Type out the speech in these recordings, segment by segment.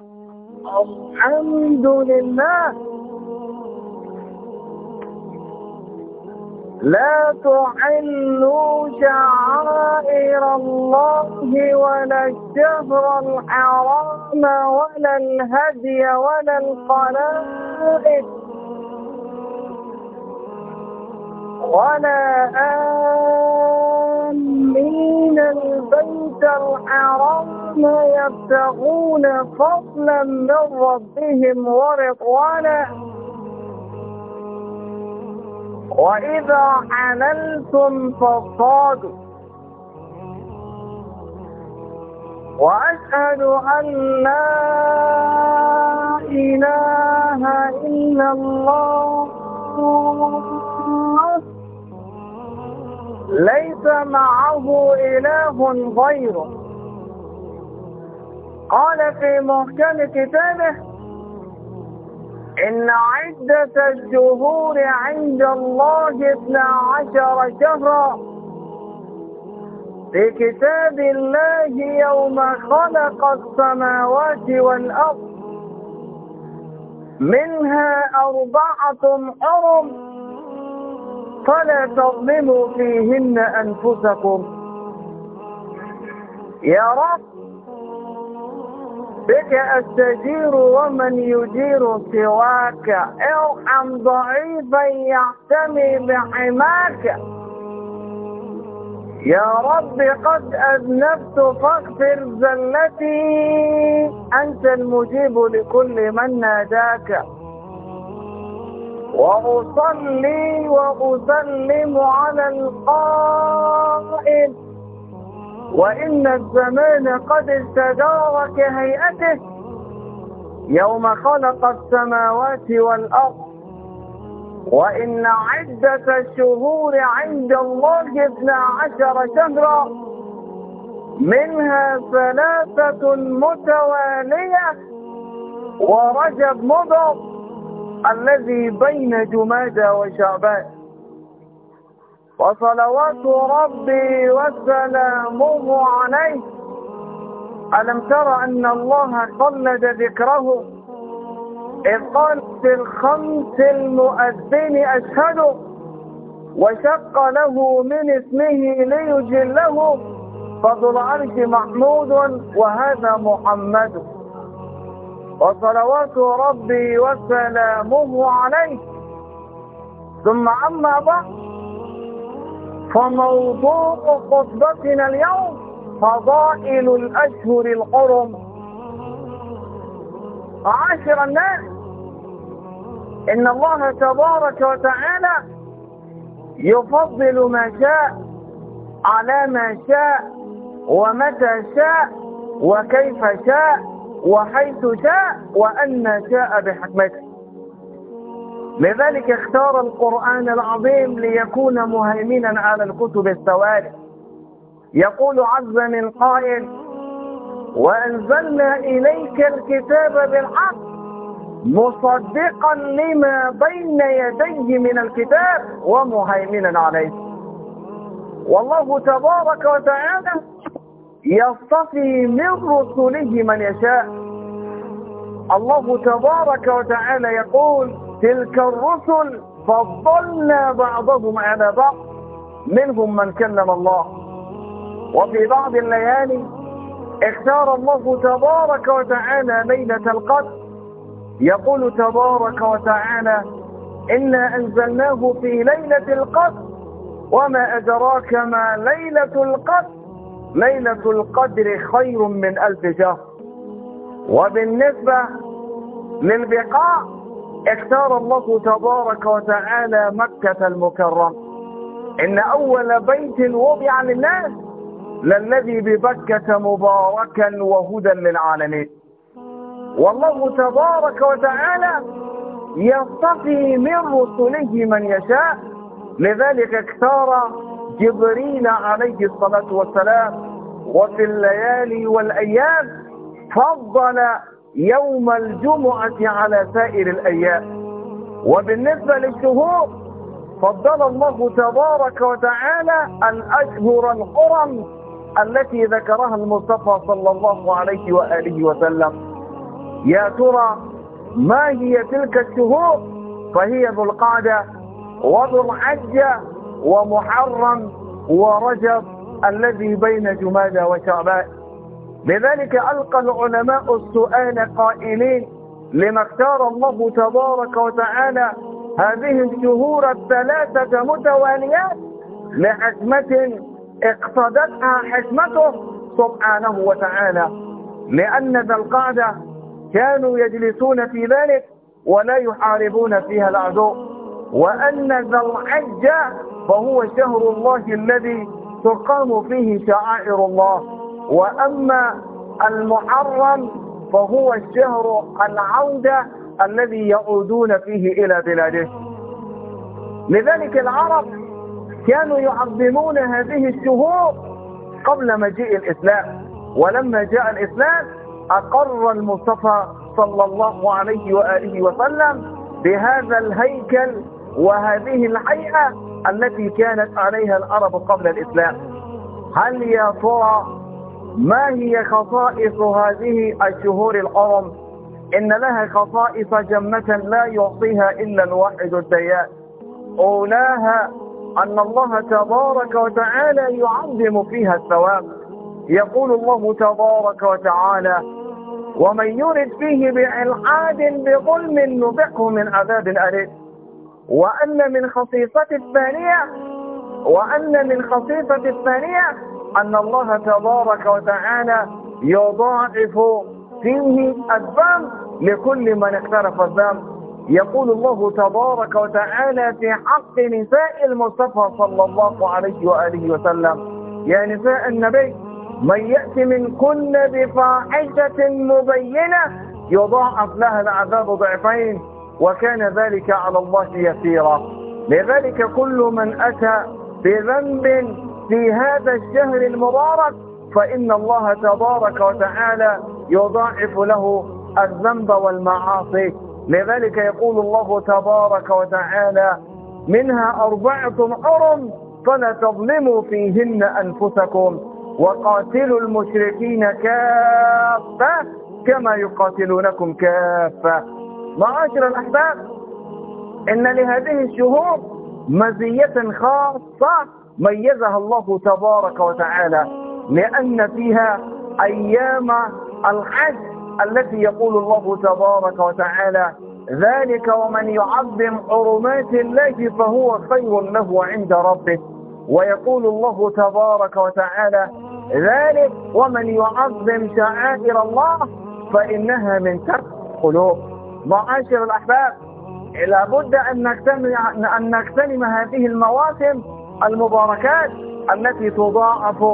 الحمد لله لا تحلوا شعائر الله ولا الشهر الحرام ولا الهدي ولا القلائد ولا آمين البيت الحرام الذين يبتغون فضلا من ربهم ورضوانا وإذا حللتم فاصطادوا وأشهد أن لا إله إلا الله ليس معه إله غيره قال في محكم كتابه إن عدة الشهور عند الله اثنا عشر شهرا في كتاب الله يوم خلق السماوات والأرض منها أربعة حرم فلا تظلموا فيهن أنفسكم يا رب بك أستجير ومن يجير سواك ارحم ضعيفا يحتمي بحماك يا رب قد أذنبت فاغفر زلتي أنت المجيب لكل من ناداك وأصلي وأسلم على القائل وإن الزمان قد استدار كهيئته يوم خلق السماوات والأرض وإن عدة الشهور عند الله اثنا عشر شهرا منها ثلاثة متوالية ورجب مضر الذي بين جمادى وشعبان وصلوات ربي وسلامه عليه ألم ترى أن الله قلد ذكره إذ قال في الخمس المؤذن أشهد وشق له من اسمه ليجله فضل العرش محمود وهذا محمد وصلوات ربي وسلامه عليه ثم عما بعد فموضوع خطبتنا اليوم فضائل الأشهر القرم عاشر الناس إن الله تبارك وتعالى يفضل ما شاء على ما شاء ومتى شاء وكيف شاء وحيث شاء وأن شاء بحكمته لذلك اختار القرآن العظيم ليكون مهيمنا على الكتب السواد يقول عز من قائل وأنزلنا إليك الكتاب بالحق مصدقا لما بين يديه من الكتاب ومهيمنا عليه والله تبارك وتعالى يصطفي من رسله من يشاء الله تبارك وتعالى يقول تلك الرسل فضلنا بعضهم على بعض منهم من كلم الله وفي بعض الليالي اختار الله تبارك وتعالى ليلة القدر يقول تبارك وتعالى إنا أنزلناه في ليلة القدر وما أدراك ما ليلة القدر ليلة القدر خير من ألف شهر وبالنسبة للبقاء اختار الله تبارك وتعالى مكة المكرمة إن أول بيت وضع للناس للذي ببكة مباركا وهدى للعالمين والله تبارك وتعالى يصطفي من رسله من يشاء لذلك اختار جبريل عليه الصلاة والسلام وفي الليالي والأيام فضل يوم الجمعة على سائر الأيام وبالنسبة للشهور فضل الله تبارك وتعالى الأشهر الحرم التي ذكرها المصطفى صلى الله عليه وآله وسلم يا ترى ما هي تلك الشهور فهي ذو القعدة وذو الحجة ومحرم ورجب الذي بين جمادى وشعبان لذلك ألقى العلماء السؤال قائلين لما اختار الله تبارك وتعالى هذه الشهور الثلاثة متواليات لحكمة اقتضتها حكمته سبحانه وتعالى لأن ذا القعدة كانوا يجلسون في ذلك ولا يحاربون فيها العدو وأن ذا الحج فهو شهر الله الذي تقام فيه شعائر الله وأما المحرم فهو الشهر العودة الذي يعودون فيه إلى بلاده لذلك العرب كانوا يعظمون هذه الشهور قبل مجيء الإسلام ولما جاء الإسلام أقر المصطفى صلى الله عليه وآله وسلم بهذا الهيكل وهذه الحيئة التي كانت عليها العرب قبل الإسلام هل يا ترى ما هي خصائص هذه الشهور الحرم إن لها خصائص جمة لا يعطيها إلا الواحد الديان أولاها أن الله تبارك وتعالى يعظم فيها الثواب يقول الله تبارك وتعالى ومن يرد فيه بإلحاد بظلم نبقه من عذاب أليم وأن من خصيصة الثانية وأن من خصيصة الثانية أن الله تبارك وتعالى يضاعف فيه الذنب لكل من اقترف الذنب يقول الله تبارك وتعالى في حق نساء المصطفى صلى الله عليه وآله وسلم يا نساء النبي من يأتي من كل بفاحشة مبينة يضاعف لها العذاب ضعفين وكان ذلك على الله يسيرا لذلك كل من أتى بذنب في هذا الشهر المبارك فإن الله تبارك وتعالى يضاعف له الذنب والمعاصي لذلك يقول الله تبارك وتعالى منها أربعة حرم فلا تظلموا فيهن أنفسكم وقاتلوا المشركين كافة كما يقاتلونكم كافة معاشر الأحباب إن لهذه الشهور مزية خاصة ميزها الله تبارك وتعالى لأن فيها أيام الحج التي يقول الله تبارك وتعالى ذلك ومن يعظم حرمات الله فهو خير له عند ربه ويقول الله تبارك وتعالى ذلك ومن يعظم شعائر الله فإنها من ترك قلوب معاشر الأحباب لابد أن نغتنم أن نغتنم هذه المواسم المباركات التي تضاعف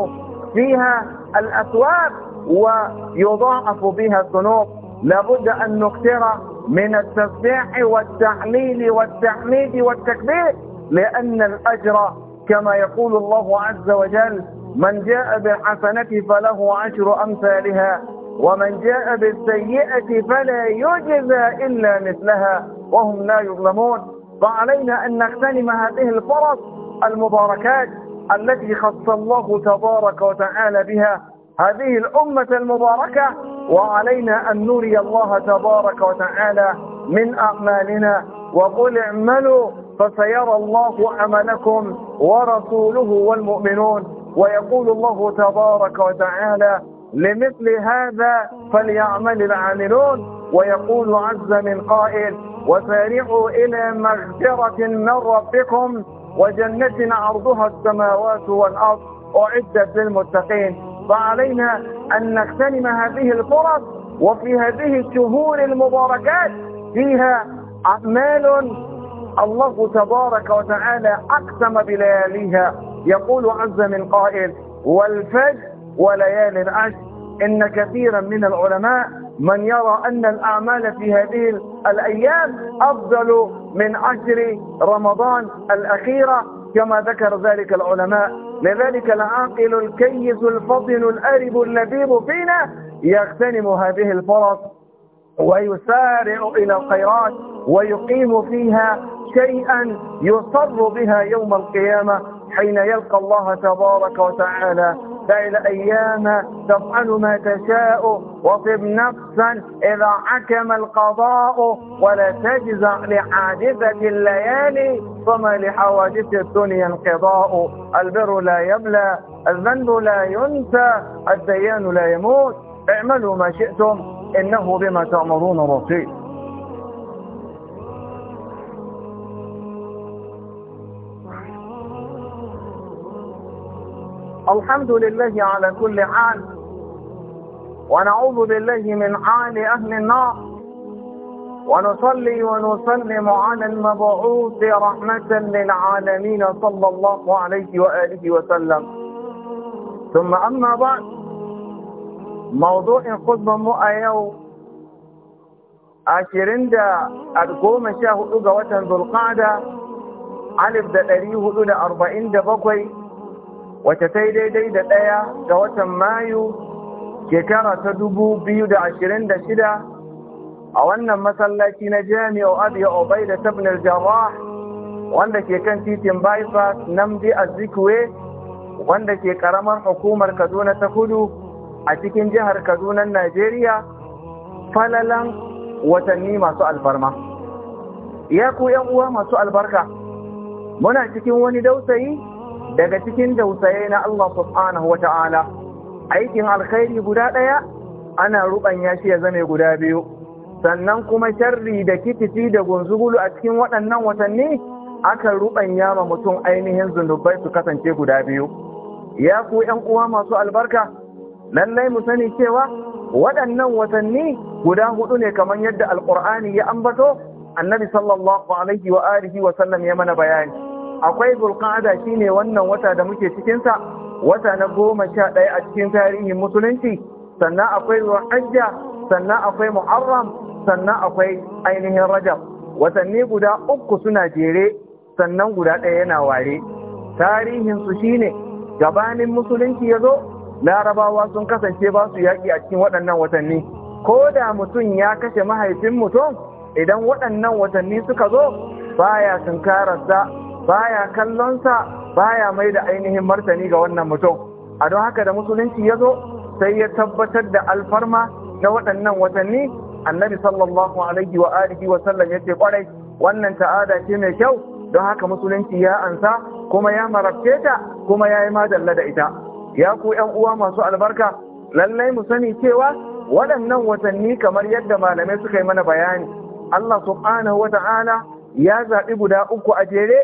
فيها الأثواب ويضاعف بها الذنوب لابد أن نكثر من التسبيح والتحليل والتحميد والتكبير لأن الأجر كما يقول الله عز وجل من جاء بالحسنة فله عشر أمثالها ومن جاء بالسيئة فلا يجزى إلا مثلها وهم لا يظلمون فعلينا أن نغتنم هذه الفرص المباركات التي خص الله تبارك وتعالى بها هذه الأمة المباركة وعلينا أن نري الله تبارك وتعالى من أعمالنا وقل اعملوا فسيرى الله عملكم ورسوله والمؤمنون ويقول الله تبارك وتعالى لمثل هذا فليعمل العاملون ويقول عز من قائل وسارعوا إلى مغفرة من ربكم وجنتنا عرضها السماوات والأرض أعدت للمتقين فعلينا أن نغتنم هذه الفرص وفي هذه الشهور المباركات فيها أعمال الله تبارك وتعالى أقسم بلياليها يقول عز من قائل والفجر وليالي العشر إن كثيرا من العلماء من يرى أن الأعمال في هذه الأيام أفضل من عشر رمضان الأخيرة كما ذكر ذلك العلماء لذلك العاقل الكيس الفطن الأرب اللبيب فينا يغتنم هذه الفرص ويسارع إلى الخيرات ويقيم فيها شيئا يصر بها يوم القيامة حين يلقى الله تبارك وتعالى سائل أيام تفعل ما تشاء وطب نفسا إذا حكم القضاء ولا تجزع لحادثة الليالي فما لحوادث الدنيا انقضاء البر لا يبلى الذنب لا ينسى الديان لا يموت اعملوا ما شئتم إنه بما تأمرون رصيد الحمد لله على كل حال ونعوذ بالله من حال أهل النار ونصلي ونسلم على المبعوث رحمة للعالمين صلى الله عليه وآله وسلم ثم أما بعد موضوع الخطبة مؤيو ashirin da goma sha ذو القعده watan zulkada alif da ɗari hudu wacce sai daidai da ɗaya ga watan mayu shekara ta dubu biyu da ashirin da shida a wannan masallaci na jami'a abiya obai da tabnil Jawa, wanda ke kan titin bypass namdi azikwe wanda ke karamar hukumar kaduna ta kudu a cikin jihar kaduna najeriya falalan watanni masu alfarma ya ku yan uwa masu albarka muna cikin wani dausayi daga cikin dausaye na Allah subhanahu aikin alkhairi guda ɗaya ana ruɓanya shi ya zame guda biyu sannan kuma sharri da kitici da gunzugulu a cikin waɗannan watanni aka ruɓanya ma mutum ainihin zunubai su kasance guda biyu ya ku ƴan uwa masu albarka lallai mu sani cewa waɗannan watanni guda hudu ne kamar yadda alƙur'ani ya ambato annabi sallallahu alaihi wa alihi wa sallam ya mana bayani akwai shi ne wannan wata da muke cikinsa. wata na goma sha ɗaya a cikin tarihin musulunci sannan akwai ruwan ajiya, sannan akwai mu'arram, sannan akwai ainihin rajab watanni guda uku suna jere sannan guda ɗaya yana ware tarihinsu su shine gabanin musulunci ya zo larabawa sun kasance ba su yaƙi a cikin waɗannan watanni ko da mutum ya kashe mahaifin mutum idan waɗannan watanni suka zo baya karasa baya kallonsa baya mai da ainihin martani ga wannan mutum a don haka da musulunci ya zo sai ya tabbatar da alfarma na waɗannan watanni annabi sallallahu alaihi wa alihi wa sallam ce kwarai wannan ta'ada ce mai kyau don haka musulunci ya ansa kuma ya marabce ta kuma ya yi madalla da ita ya ku ƴan uwa masu albarka lallai mu sani cewa waɗannan watanni kamar yadda malamai suka yi mana bayani Allah subhanahu wa ta'ala ya zaɓi guda uku a jere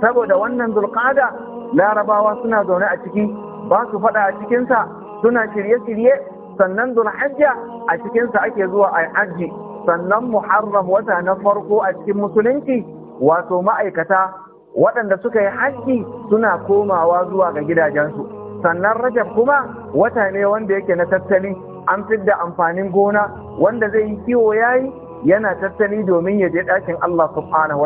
saboda wannan zulkada larabawa suna zaune a ciki ba su faɗa a cikinsa suna shirye-shirye sannan zulhajja a cikinsa ake zuwa a hajji sannan muharram wata na farko a cikin musulunci wato ma'aikata waɗanda suka yi hajji suna komawa zuwa ga gidajensu sannan rajab kuma wata ne wanda yake na tattali an da amfanin gona wanda zai yi kiwo yayi yana tattali domin ya je ɗakin Allah subhanahu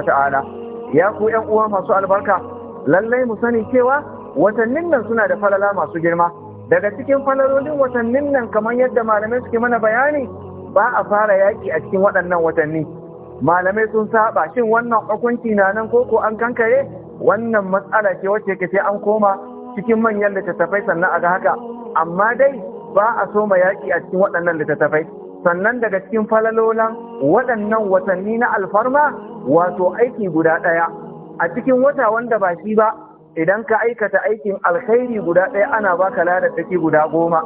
ya ku ‘yan uwa masu albarka lallai mu sani cewa watannin nan suna da falala masu girma daga cikin falalolin watannin nan kamar yadda malamai suke mana bayani ba a fara yaƙi a cikin waɗannan watanni malamai sun saba shin wannan hukunci na nan koko an kankare wannan matsala ce wacce ke sai an koma cikin manyan littattafai sannan a ga haka amma dai ba a soma yaƙi a cikin waɗannan littattafai sannan daga cikin falalolan waɗannan watanni na alfarma wato aiki guda ɗaya a cikin wata wanda ba shi ba idan ka aikata aikin alkhairi guda ɗaya ana ba ka lada take guda goma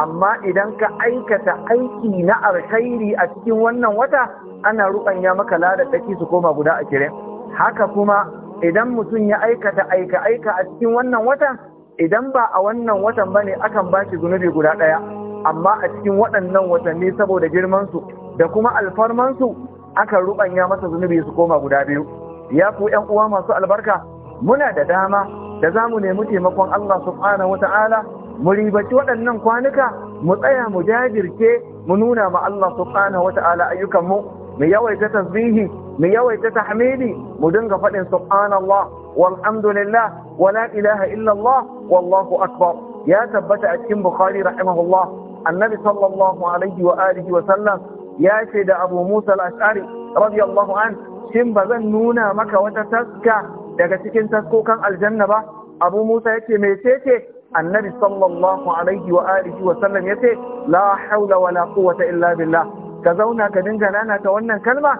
amma idan ka aikata aiki na alkhairi a cikin wannan wata ana ruɓanya maka lada take su koma guda a ashirin haka kuma idan mutum ya aikata aika aika a cikin wannan watan idan ba a wannan watan ba ne, akan ba shi zunubi guda ɗaya amma a cikin waɗannan watanni saboda girmansu da kuma alfarmansu aka ruɓanya masa zunubi su koma guda biyu ya ku ƴan uwa masu albarka muna da dama da za mu nemi taimakon Allah subhanahu wa ta'ala mu ribaci waɗannan kwanuka mu tsaya mu jajirce mu nuna ma Allah subhanahu wa ta'ala ayyukanmu mu yawaita tasbihi mu yawaita tahmidi mu dinga faɗin subhanallah walhamdulillah wala ilaha illallah wallahu akbar ya tabbata a cikin bukhari rahimahullah annabi sallallahu alaihi wa alihi wa sallam ya ce da abu musa al-ash'ari radiyallahu an shin ba zan nuna maka wata taska daga cikin taskokan aljanna ba abu musa ya ce me ce annabi sallallahu alaihi wa alihi wa sallam yace la haula wala quwwata illa billah ka zauna ka dinga nana ta wannan kalma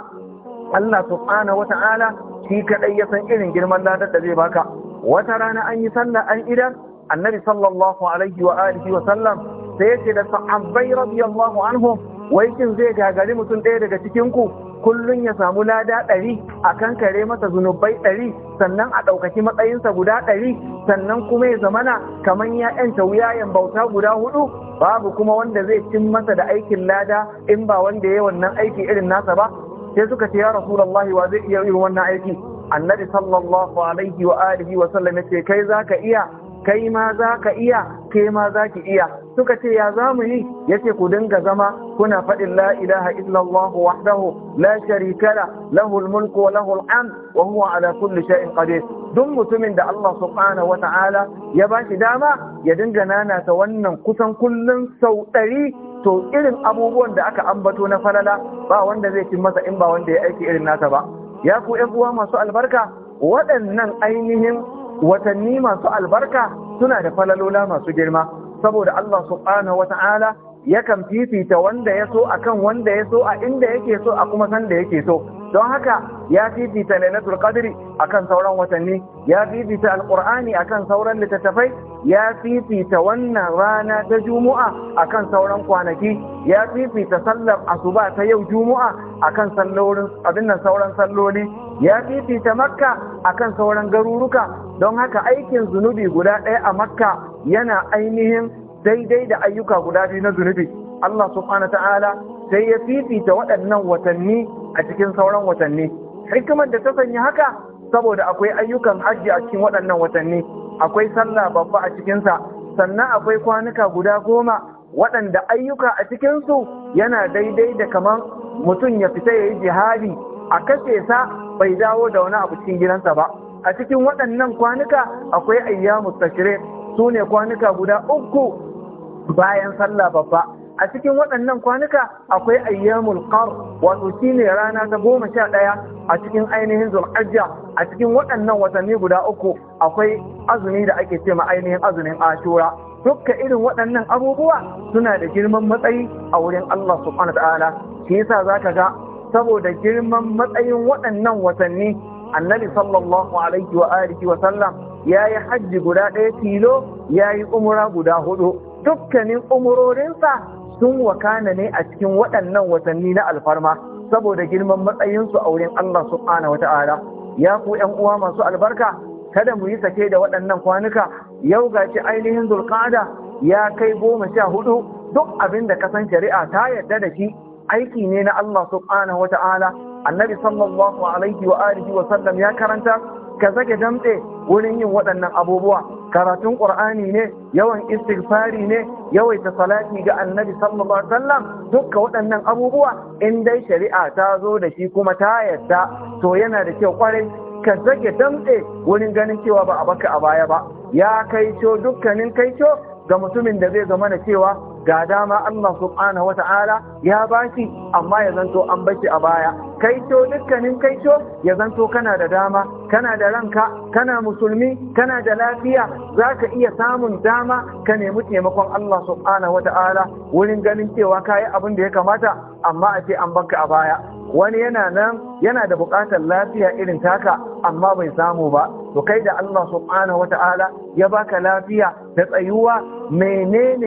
Allah subhanahu wa ta'ala shi kadai ya san irin girman ladar da zai baka wata rana an yi sallah an idan annabi sallallahu alaihi wa alihi wa sallam sai yace da sahabbai radiyallahu anhum wai kin zai gagari mutum ɗaya daga cikin ku kullun ya samu lada ɗari a kan kare masa zunubai ɗari sannan a ɗaukaki matsayinsa guda ɗari sannan kuma ya zamana kamar ya ‘yanta wuyayen bauta guda hudu babu kuma wanda zai cin masa da aikin lada in ba wanda ya wannan aiki irin nasa ba sai suka ce ya rasulallahi wa zai iya irin wannan aiki annabi sallallahu alaihi wa alihi wa sallam ya ce kai zaka iya kai ma za ka iya kai ma za ki iya suka ce ya za mu yi ya ce ku dinga zama kuna faɗin la ilaha illallah wahdahu la sharika la lahul mulku wa lahul am wa huwa ala kulli shay'in qadir duk mutumin da Allah subhanahu wa ta'ala ya ba shi dama ya dinga nanata wannan kusan kullun sau ɗari to irin abubuwan da aka ambato na falala ba wanda zai cin masa in ba wanda ya aiki irin nasa ba ya ku ƴan uwa masu albarka waɗannan ainihin watanni masu albarka suna da falalola masu girma saboda Allah subhanahu wata'ala yakan fifita wanda ya so akan wanda ya so a inda yake so a kuma sanda yake so don haka ya fifita lailatul qadri akan sauran watanni ya fifita alqur'ani akan sauran littattafai ya fifita wannan rana ta juma'a akan sauran kwanaki ya fifita sallar asuba ta yau juma'a akan sallolin abin nan sauran salloli ya fifita makka a kan sauran garuruka don haka aikin zunubi guda ɗaya a makka yana ainihin daidai da ayyuka guda biyu na zunubi Allah subhanahu ta'ala sai ya fifita waɗannan watanni a cikin sauran watanni hikimar da ta sanya haka saboda akwai ayyukan hajji a cikin waɗannan watanni akwai sallah babba a cikinsa sannan akwai kwanuka guda goma waɗanda ayyuka a cikinsu yana daidai da kamar mutum ya fita ya yi jihadi a kashe sa bai dawo da wani abu cikin gidansa ba a cikin waɗannan kwanuka akwai ayyamu tashrik su ne kwanuka guda uku bayan sallah babba a cikin waɗannan kwanuka akwai ayyamul qar wato shine rana ta goma sha ɗaya a cikin ainihin zulhajja a cikin waɗannan watanni guda uku akwai azumi da ake ce ma ainihin azumin ashura dukka irin waɗannan abubuwa suna da girman matsayi a wurin Allah subhanahu wa ta'ala shi yasa zaka ga saboda girman matsayin waɗannan watanni annabi sallallahu alaihi wa alihi wa sallam yayi hajji guda ɗaya tilo yayi umra guda hudu dukkanin umurorinsa sun wakana ne a cikin waɗannan watanni na alfarma saboda girman matsayinsu a wurin Allah subhanahu wata'ala ya ku yan uwa masu albarka kada mu yi sake da waɗannan kwanuka yau gashi ainihin zulqa'ada ya kai goma sha hudu duk abin da kasan shari'a ta yarda da shi aiki ne na Allah subhanahu wa ta'ala annabi sallallahu alaihi wa alihi wa sallam ya karanta ka zage damtse wurin yin waɗannan abubuwa karatun qur'ani ne yawan istighfari ne yawaita salati ga annabi sallallahu alaihi wa sallam dukka waɗannan abubuwa in dai shari'a ta zo da shi kuma ta yadda to yana da kyau kwarai ka zage damtse wurin ganin cewa ba a baka a baya ba ya kai dukkanin kai ga mutumin da zai zama na cewa ga dama Allah subhanahu wata'ala ya bashi amma ya zanto an bashi a baya kaito dukkanin kaito ya zanto kana da dama kana da ranka kana musulmi kana da lafiya zaka iya samun dama ka nemi taimakon Allah subhanahu wata'ala wurin ganin cewa kayi abin da ya kamata amma a ce an baka a baya wani yana nan yana da buƙatar lafiya irin taka amma bai samu ba to kai da Allah subhanahu wata'ala ya baka lafiya da tsayuwa menene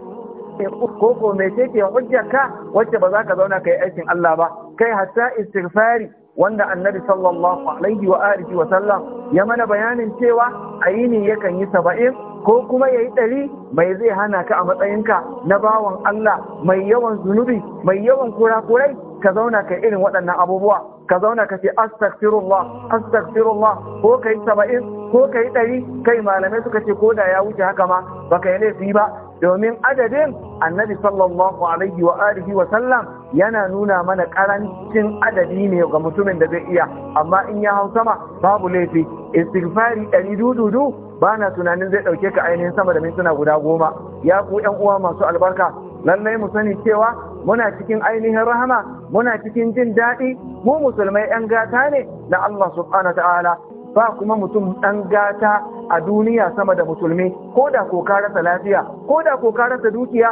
ko ko me ce ke hujjarka wacce ba za ka zauna kai aikin Allah ba kai hatta istighfari wanda annabi sallallahu alaihi wa alihi wa sallam ya mana bayanin cewa ayini yakan yi saba'in ko kuma yayi ɗari mai zai hana ka a matsayinka na bawan Allah mai yawan zunubi mai yawan kurakurai ka zauna kai irin waɗannan abubuwa ka zauna ka ce astaghfirullah astaghfirullah ko kai saba'in ko kai ɗari kai malamai suka ce ko da ya wuce haka ma baka yi laifi ba domin adadin annabi sallallahu alaihi wa alihi wa sallam yana nuna mana karancin adadi ne ga mutumin da zai iya amma in ya hau sama babu laifi istighfari ɗari dududu ba na tunanin zai ɗauke ka ainihin sama da mintuna guda goma ya ku ƴan uwa masu albarka lallai mu sani cewa muna cikin ainihin rahama muna cikin jin daɗi mu musulmai 'yan gata ne na Allah subhanahu wa ta'ala ba kuma mutum ɗan gata a duniya sama da musulmi ko da ko lafiya ko da ko rasa dukiya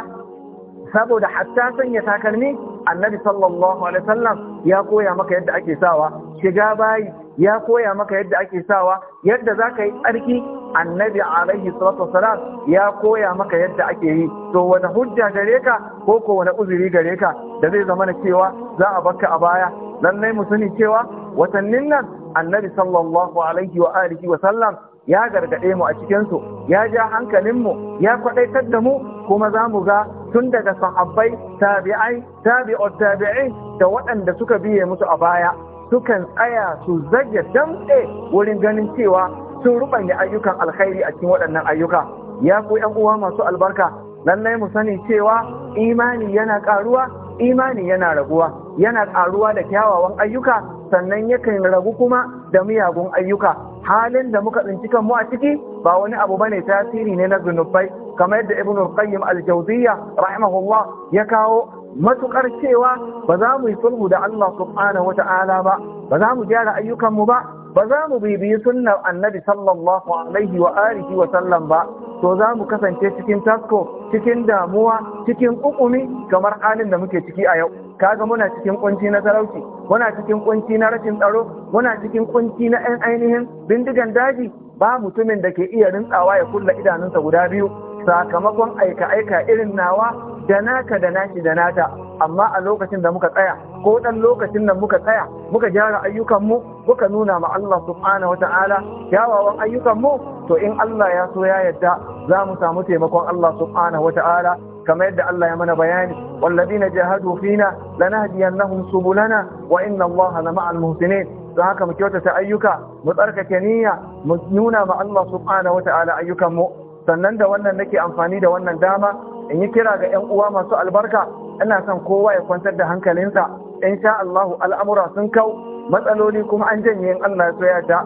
saboda hatta sanya takalmi annabi sallallahu alaihi wasallam ya koya maka yadda ake sawa shiga bayi ya koya maka yadda ake sawa yadda za ka yi tsarki annabi alaihi salatu wasalam ya koya maka yadda ake yi to wani hujja gare ka ko ko wani uzuri gare ka da zai zama cewa za a bakka a baya lallai mu sani cewa watannin nan annabi sallallahu alaihi wa alihi wa sallam ya gargaɗe mu a cikinsu ya ja hankalinmu ya kwaɗaitar da mu kuma za mu ga tun daga sahabbai tabi'ai tabi'ut tabi'in da waɗanda suka biye musu a baya sukan tsaya su zage damɗe wurin ganin cewa sun rubanya ayyukan alkhairi a cikin waɗannan ayyuka ya ku ƴan uwa masu albarka lallai mu sani cewa imani yana ƙaruwa imani yana raguwa yana ƙaruwa da kyawawan ayyuka sannan yakan ragu kuma da miyagun ayyuka halin da muka tsinci kanmu a ciki ba wani abu bane tasiri ne na zunubai kamar yadda ibn al-qayyim al-jawziyya rahimahullah ya kawo matukar cewa ba za mu yi sulhu da Allah subhanahu wata'ala ba ba za mu gyara ayyukanmu ba ba za mu bibiyi sunnar annabi sallallahu alaihi wa alihi wa sallam ba to za mu kasance cikin tasko cikin damuwa cikin ƙuƙumi kamar halin da muke ciki a yau kaga muna cikin kunci na talauci muna cikin kunci na rashin tsaro muna cikin kunci na ɗan ainihin bindigan daji ba mutumin da ke iya rintsawa ya kulla idanunsa guda biyu sakamakon aika-aika irin nawa da naka da nashi da nata amma a lokacin da muka tsaya ko dan lokacin da muka tsaya muka gyara ayyukanmu muka nuna ma Allah subhanahu wa ta'ala kyawawan ayyukanmu to in Allah ya so ya yadda za mu samu taimakon Allah subhanahu wa kamar yadda Allah ya mana bayani walladina jahadu fina lanahdiyannahum subulana wa inna Allaha la ma'al muhsinin don haka mu kyautata ayyuka mu tsarkake niyya mu nuna ma Allah subhanahu wata'ala ayyukan mu sannan da wannan nake amfani da wannan dama in yi kira ga ƴan uwa masu albarka ina son kowa ya kwantar da hankalinsa sha Allah al'amura sun kau matsaloli kuma an janye in Allah ya so ya ta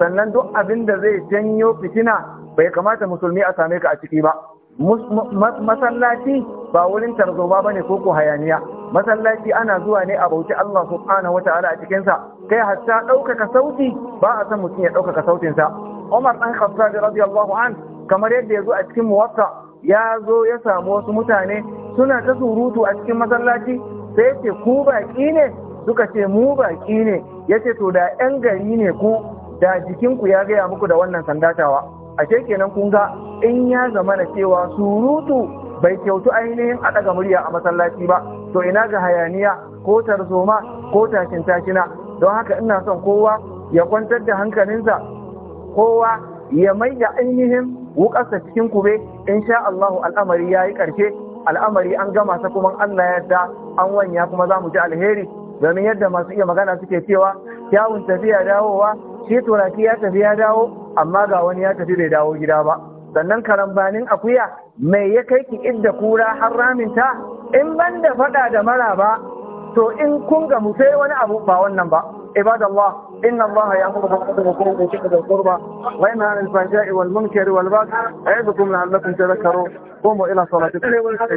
sannan duk abin da zai janyo fitina bai kamata musulmi a same ka a ciki ba masallaci ba wurin tarzoma ba ne ko ko hayaniya masallaci ana zuwa ne a bauci Allah subhanahu wataala a cikin sa kai hatta ɗaukaka sauti ba a san mutum ya ɗaukaka sautin sa Umar dan Khattab radiyallahu an kamar yadda ya zo a cikin muwatta ya zo ya samu wasu mutane suna ta surutu a cikin masallaci sai ce ku baki ne suka ce mu baƙi ne yace to da 'yan gari ne ku da jikinku ya gaya muku da wannan sandatawa ashe kenan kun ga in ya zama na cewa surutu bai kyautu ainihin a ɗaga murya a masallaci ba to ina ga hayaniya ko tarzoma ko tashin tashina don haka ina son kowa ya kwantar da hankalinsa kowa ya mai da ainihin wukarsa cikin kube sha Allahu al'amari yi karshe al'amari an gama ta kuma Allah ya da an wanya kuma za mu ji alheri domin yadda masu iya magana suke cewa kyawun tafiya dawowa shi turaki ya tafi ya dawo amma ga wani ya tafi bai dawo gida ba sannan karambanin akuya mai ya kai ki idda kura har raminta in ban da faɗa da mara ba to in kun ga mu sai wani abu ba wannan ba ibadallah inna allaha ya'muru bil إن الله يأمر qurba wa وشدة القربى وينهى wal munkari wal والبغي يعظكم la'allakum tadhakkarun qumu ila صلاتكم